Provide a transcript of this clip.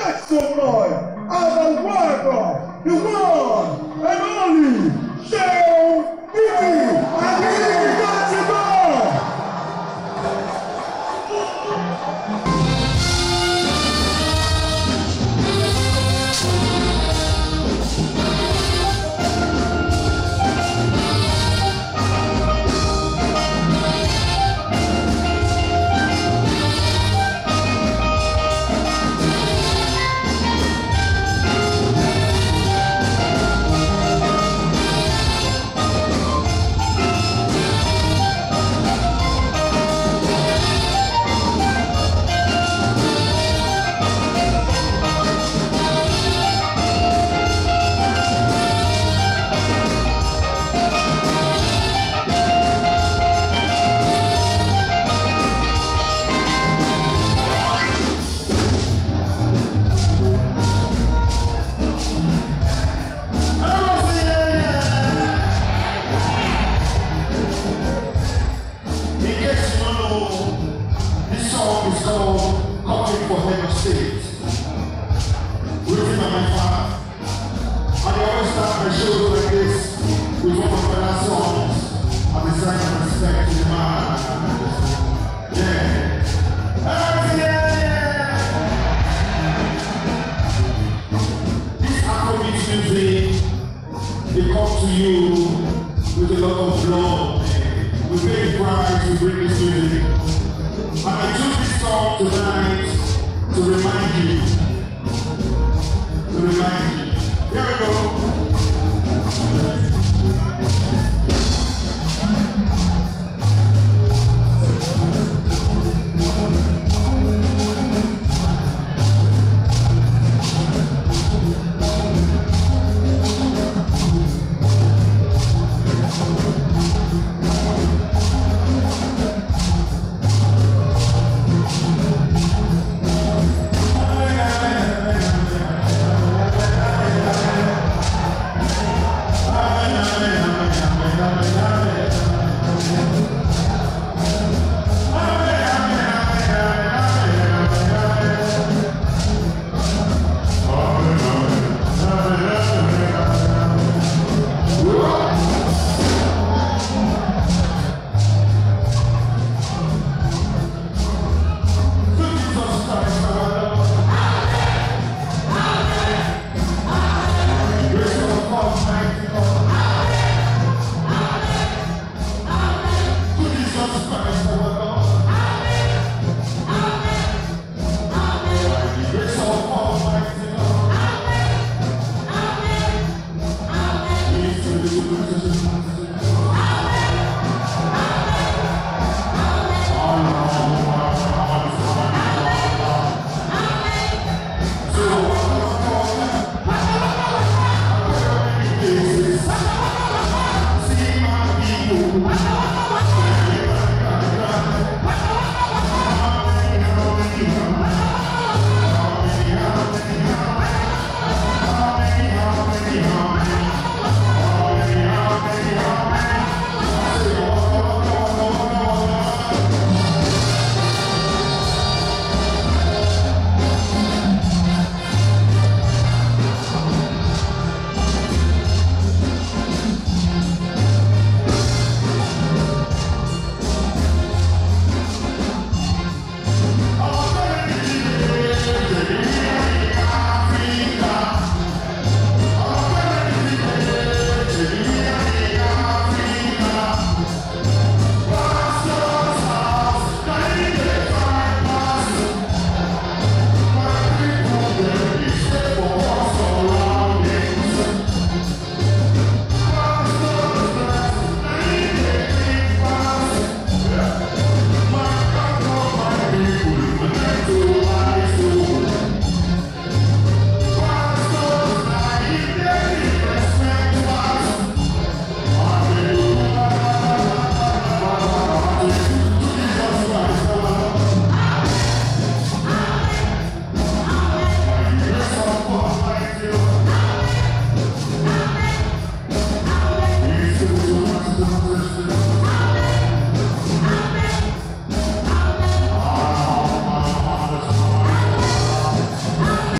Pastor Roy, as a worker, the one and only shall be. you with the love of God. We pay Christ to bring this you. But I took this song tonight to remind you. To remind you. Here we go.